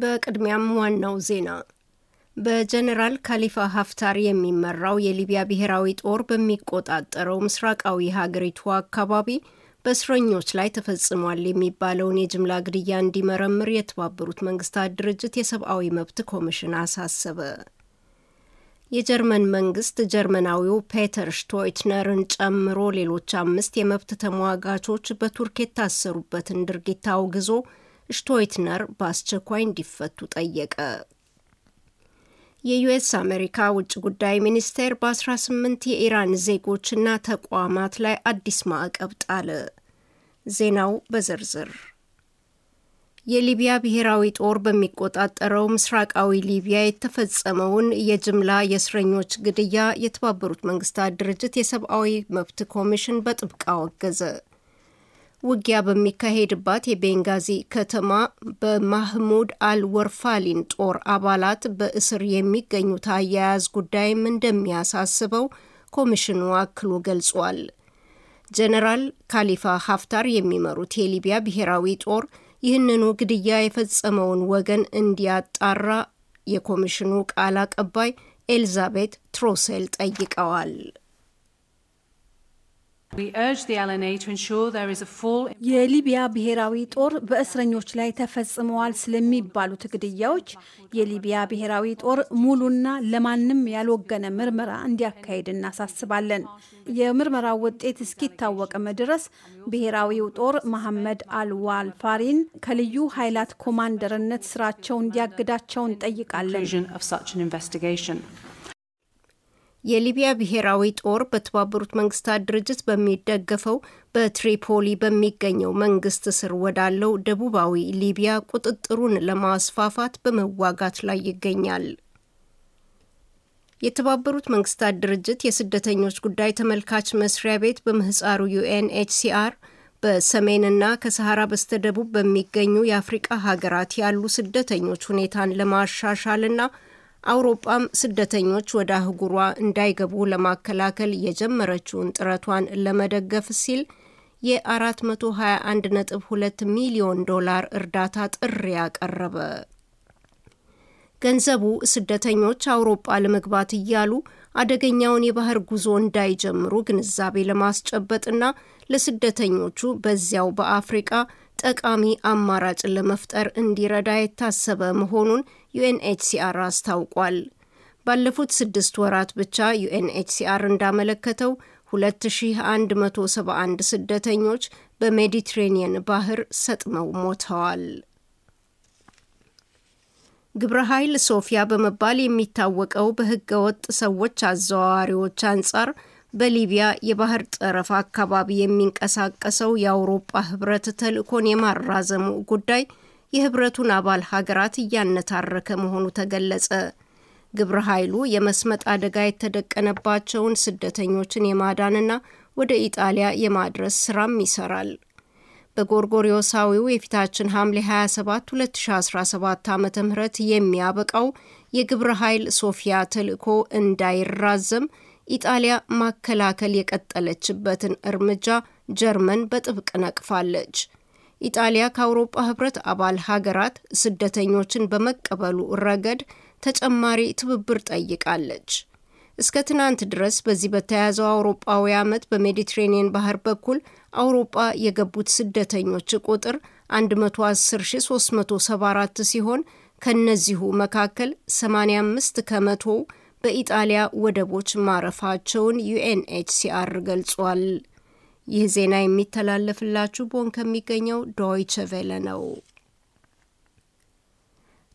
በቅድሚያም ዋናው ዜና በጀኔራል ካሊፋ ሀፍታር የሚመራው የሊቢያ ብሔራዊ ጦር በሚቆጣጠረው ምስራቃዊ ሀገሪቱ አካባቢ በእስረኞች ላይ ተፈጽሟል የሚባለውን የጅምላ ግድያ እንዲመረምር የተባበሩት መንግስታት ድርጅት የሰብአዊ መብት ኮሚሽን አሳሰበ። የጀርመን መንግስት ጀርመናዊው ፔተር ሽቶይትነርን ጨምሮ ሌሎች አምስት የመብት ተሟጋቾች በቱርክ የታሰሩበትን ድርጊት አውግዞ ሽቶይትነር በአስቸኳይ እንዲፈቱ ጠየቀ። የዩኤስ አሜሪካ ውጭ ጉዳይ ሚኒስቴር በ18 የኢራን ዜጎችና ተቋማት ላይ አዲስ ማዕቀብ ጣለ። ዜናው በዝርዝር የሊቢያ ብሔራዊ ጦር በሚቆጣጠረው ምስራቃዊ ሊቢያ የተፈጸመውን የጅምላ የእስረኞች ግድያ የተባበሩት መንግስታት ድርጅት የሰብአዊ መብት ኮሚሽን በጥብቅ አወገዘ። ውጊያ በሚካሄድባት የቤንጋዚ ከተማ በማህሙድ አልወርፋሊን ጦር አባላት በእስር የሚገኙት አያያዝ ጉዳይም እንደሚያሳስበው ኮሚሽኑ አክሎ ገልጿል። ጀነራል ካሊፋ ሀፍታር የሚመሩት የሊቢያ ብሔራዊ ጦር ይህንኑ ግድያ የፈጸመውን ወገን እንዲያጣራ የኮሚሽኑ ቃል አቀባይ ኤልዛቤት ትሮሴል ጠይቀዋል። የሊቢያ ብሔራዊ ጦር በእስረኞች ላይ ተፈጽመዋል ስለሚባሉት ግድያዎች የሊቢያ ብሔራዊ ጦር ሙሉና ለማንም ያልወገነ ምርመራ እንዲያካሄድ እናሳስባለን። የምርመራው ውጤት እስኪታወቅም ድረስ ብሔራዊው ጦር መሐመድ አልዋልፋሪን ከልዩ ኃይላት ኮማንደርነት ስራቸው እንዲያግዳቸው እንጠይቃለን። የሊቢያ ብሔራዊ ጦር በተባበሩት መንግስታት ድርጅት በሚደገፈው በትሪፖሊ በሚገኘው መንግስት ስር ወዳለው ደቡባዊ ሊቢያ ቁጥጥሩን ለማስፋፋት በመዋጋት ላይ ይገኛል። የተባበሩት መንግስታት ድርጅት የስደተኞች ጉዳይ ተመልካች መስሪያ ቤት በምህፃሩ ዩኤንኤችሲአር በሰሜንና ከሰሐራ በስተደቡብ በሚገኙ የአፍሪቃ ሀገራት ያሉ ስደተኞች ሁኔታን ለማሻሻልና አውሮጳም ስደተኞች ወደ አህጉሯ እንዳይገቡ ለማከላከል የጀመረችውን ጥረቷን ለመደገፍ ሲል የ421.2 ሚሊዮን ዶላር እርዳታ ጥሪ ያቀረበ ገንዘቡ ስደተኞች አውሮጳ ለመግባት እያሉ አደገኛውን የባህር ጉዞ እንዳይጀምሩ ግንዛቤ ለማስጨበጥና ለስደተኞቹ በዚያው በአፍሪቃ ጠቃሚ አማራጭ ለመፍጠር እንዲረዳ የታሰበ መሆኑን ዩኤንኤችሲአር አስታውቋል። ባለፉት ስድስት ወራት ብቻ ዩኤንኤችሲአር እንዳመለከተው 2171 ስደተኞች በሜዲትሬኒየን ባህር ሰጥመው ሞተዋል። ግብረ ኃይል ሶፊያ በመባል የሚታወቀው በህገወጥ ወጥ ሰዎች አዘዋዋሪዎች አንጻር በሊቢያ የባህር ጠረፍ አካባቢ የሚንቀሳቀሰው የአውሮፓ ህብረት ተልእኮን የማራዘሙ ጉዳይ የህብረቱን አባል ሀገራት እያነታረከ መሆኑ ተገለጸ። ግብረ ኃይሉ የመስመጥ አደጋ የተደቀነባቸውን ስደተኞችን የማዳንና ወደ ኢጣሊያ የማድረስ ስራም ይሰራል። በጎርጎሪዮሳዊው የፊታችን ሐምሌ 27 2017 ዓ ም የሚያበቃው የግብረ ኃይል ሶፊያ ተልእኮ እንዳይራዘም ኢጣሊያ ማከላከል የቀጠለችበትን እርምጃ ጀርመን በጥብቅ ነቅፋለች። ኢጣሊያ ከአውሮጳ ህብረት አባል ሀገራት ስደተኞችን በመቀበሉ ረገድ ተጨማሪ ትብብር ጠይቃለች። እስከ ትናንት ድረስ በዚህ በተያዘው አውሮጳዊ ዓመት በሜዲትሬኒየን ባህር በኩል አውሮጳ የገቡት ስደተኞች ቁጥር 110374 ሲሆን ከነዚሁ መካከል 85 ከመቶው በኢጣሊያ ወደቦች ማረፋቸውን ዩኤንኤችሲአር ገልጿል። ይህ ዜና የሚተላለፍላችሁ ቦን ከሚገኘው ዶይቸ ቬለ ነው።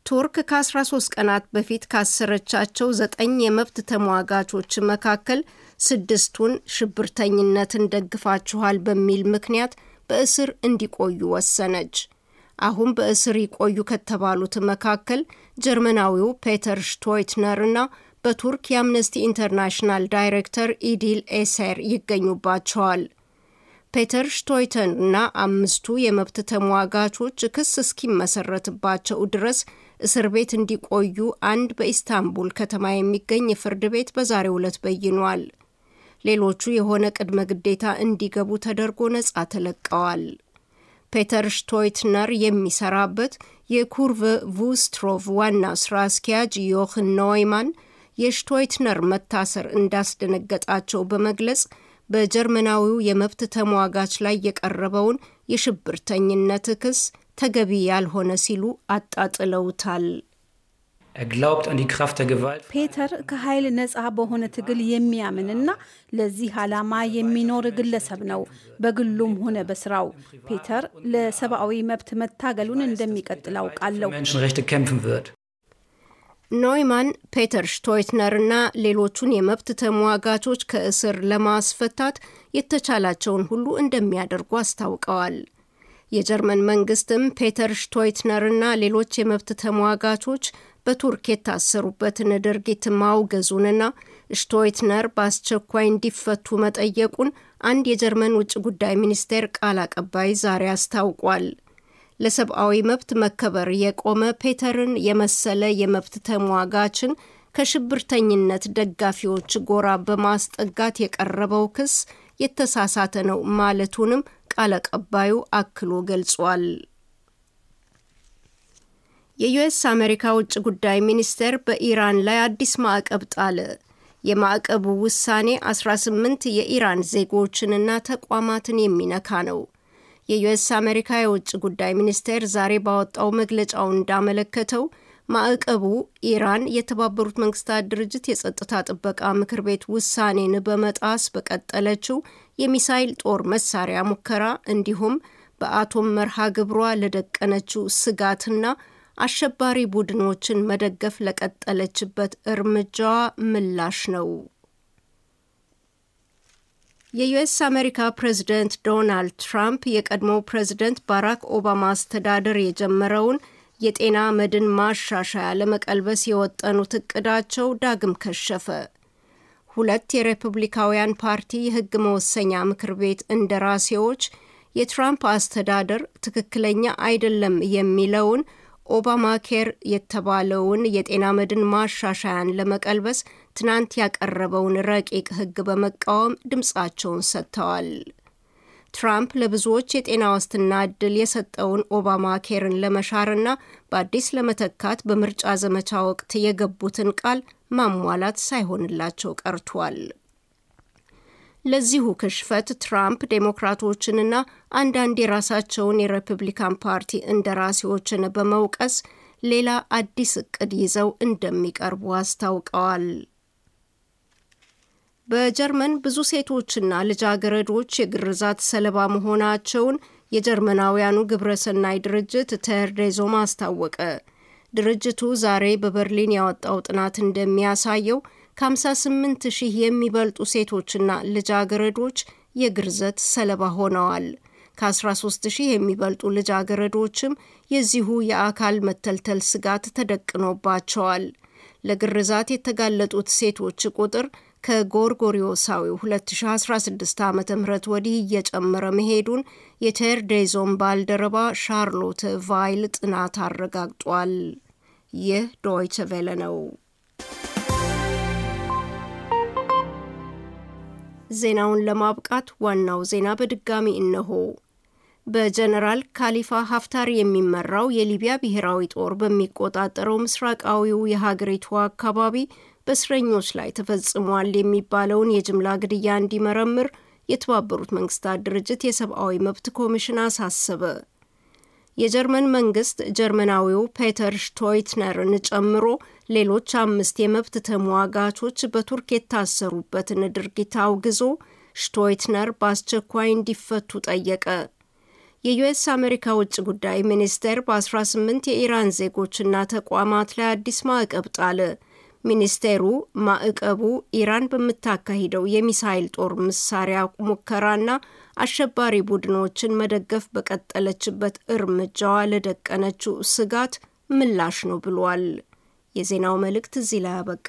ቱርክ ከ13 ቀናት በፊት ካሰረቻቸው ዘጠኝ የመብት ተሟጋቾች መካከል ስድስቱን ሽብርተኝነትን ደግፋችኋል በሚል ምክንያት በእስር እንዲቆዩ ወሰነች። አሁን በእስር ይቆዩ ከተባሉት መካከል ጀርመናዊው ፔተር ሽቶይትነር በቱርክ የአምነስቲ ኢንተርናሽናል ዳይሬክተር ኢዲል ኤሰር ይገኙባቸዋል። ፔተር ሽቶይተን እና አምስቱ የመብት ተሟጋቾች ክስ እስኪመሰረትባቸው ድረስ እስር ቤት እንዲቆዩ አንድ በኢስታንቡል ከተማ የሚገኝ ፍርድ ቤት በዛሬ ዕለት በይኗል። ሌሎቹ የሆነ ቅድመ ግዴታ እንዲገቡ ተደርጎ ነጻ ተለቀዋል። ፔተር ሽቶይትነር የሚሰራበት የኩርቭ ቩስትሮቭ ዋና ስራ አስኪያጅ ዮህን ኖይማን የሽቶይትነር መታሰር እንዳስደነገጣቸው በመግለጽ በጀርመናዊው የመብት ተሟጋች ላይ የቀረበውን የሽብርተኝነት ክስ ተገቢ ያልሆነ ሲሉ አጣጥለውታል። er ፔተር ከኃይል ነፃ በሆነ ትግል የሚያምንና ለዚህ ዓላማ የሚኖር ግለሰብ ነው። በግሉም ሆነ በስራው ፔተር ለሰብአዊ መብት መታገሉን እንደሚቀጥል አውቃለሁ። ኖይማን ፔተር ሽቶይትነር እና ሌሎቹን የመብት ተሟጋቾች ከእስር ለማስፈታት የተቻላቸውን ሁሉ እንደሚያደርጉ አስታውቀዋል። የጀርመን መንግስትም ፔተር ሽቶይትነር እና ሌሎች የመብት ተሟጋቾች በቱርክ የታሰሩበትን ድርጊት ማውገዙንና ሽቶይትነር በአስቸኳይ እንዲፈቱ መጠየቁን አንድ የጀርመን ውጭ ጉዳይ ሚኒስቴር ቃል አቀባይ ዛሬ አስታውቋል። ለሰብአዊ መብት መከበር የቆመ ፔተርን የመሰለ የመብት ተሟጋችን ከሽብርተኝነት ደጋፊዎች ጎራ በማስጠጋት የቀረበው ክስ የተሳሳተ ነው ማለቱንም ቃል አቀባዩ አክሎ ገልጿል። የዩኤስ አሜሪካ ውጭ ጉዳይ ሚኒስቴር በኢራን ላይ አዲስ ማዕቀብ ጣለ። የማዕቀቡ ውሳኔ 18 የኢራን ዜጎችንና ተቋማትን የሚነካ ነው። የዩኤስ አሜሪካ የውጭ ጉዳይ ሚኒስቴር ዛሬ ባወጣው መግለጫው እንዳመለከተው ማዕቀቡ ኢራን የተባበሩት መንግስታት ድርጅት የጸጥታ ጥበቃ ምክር ቤት ውሳኔን በመጣስ በቀጠለችው የሚሳይል ጦር መሳሪያ ሙከራ እንዲሁም በአቶም መርሃ ግብሯ ለደቀነችው ስጋትና አሸባሪ ቡድኖችን መደገፍ ለቀጠለችበት እርምጃዋ ምላሽ ነው። የዩኤስ አሜሪካ ፕሬዝደንት ዶናልድ ትራምፕ የቀድሞ ፕሬዝደንት ባራክ ኦባማ አስተዳደር የጀመረውን የጤና መድን ማሻሻያ ለመቀልበስ የወጠኑት እቅዳቸው ዳግም ከሸፈ። ሁለት የሪፐብሊካውያን ፓርቲ የህግ መወሰኛ ምክር ቤት እንደራሴዎች የትራምፕ አስተዳደር ትክክለኛ አይደለም የሚለውን ኦባማ ኬር የተባለውን የጤና መድን ማሻሻያን ለመቀልበስ ትናንት ያቀረበውን ረቂቅ ሕግ በመቃወም ድምፃቸውን ሰጥተዋል። ትራምፕ ለብዙዎች የጤና ዋስትና ዕድል የሰጠውን ኦባማ ኬርን ለመሻርና በአዲስ ለመተካት በምርጫ ዘመቻ ወቅት የገቡትን ቃል ማሟላት ሳይሆንላቸው ቀርቷል። ለዚሁ ክሽፈት ትራምፕ ዴሞክራቶችንና አንዳንድ የራሳቸውን የሪፐብሊካን ፓርቲ እንደራሴዎችን በመውቀስ ሌላ አዲስ እቅድ ይዘው እንደሚቀርቡ አስታውቀዋል። በጀርመን ብዙ ሴቶችና ልጃገረዶች የግርዛት ሰለባ መሆናቸውን የጀርመናውያኑ ግብረሰናይ ድርጅት ተርዴዞም አስታወቀ። ድርጅቱ ዛሬ በበርሊን ያወጣው ጥናት እንደሚያሳየው ከ58 ሺህ የሚበልጡ ሴቶችና ልጃገረዶች የግርዘት ሰለባ ሆነዋል። ከ13 ሺህ የሚበልጡ ልጃገረዶችም የዚሁ የአካል መተልተል ስጋት ተደቅኖባቸዋል። ለግርዛት የተጋለጡት ሴቶች ቁጥር ከጎርጎሪዮሳዊ 2016 ዓ ም ወዲህ እየጨመረ መሄዱን የቴርዴዞን ባልደረባ ሻርሎት ቫይል ጥናት አረጋግጧል። ይህ ዶይቸ ቬለ ነው። ዜናውን ለማብቃት ዋናው ዜና በድጋሚ እነሆ። በጀነራል ካሊፋ ሀፍታር የሚመራው የሊቢያ ብሔራዊ ጦር በሚቆጣጠረው ምስራቃዊው የሀገሪቱ አካባቢ በእስረኞች ላይ ተፈጽሟል የሚባለውን የጅምላ ግድያ እንዲመረምር የተባበሩት መንግስታት ድርጅት የሰብአዊ መብት ኮሚሽን አሳሰበ። የጀርመን መንግስት ጀርመናዊው ፔተር ሽቶይትነርን ጨምሮ ሌሎች አምስት የመብት ተሟጋቾች በቱርክ የታሰሩበትን ድርጊት አውግዞ ሽቶይትነር በአስቸኳይ እንዲፈቱ ጠየቀ። የዩኤስ አሜሪካ ውጭ ጉዳይ ሚኒስቴር በ18 የኢራን ዜጎችና ተቋማት ላይ አዲስ ማዕቀብ ጣለ። ሚኒስቴሩ ማዕቀቡ ኢራን በምታካሂደው የሚሳይል ጦር መሳሪያ ሙከራና አሸባሪ ቡድኖችን መደገፍ በቀጠለችበት እርምጃዋ ለደቀነችው ስጋት ምላሽ ነው ብሏል። የዜናው መልእክት እዚህ ላይ አበቃ።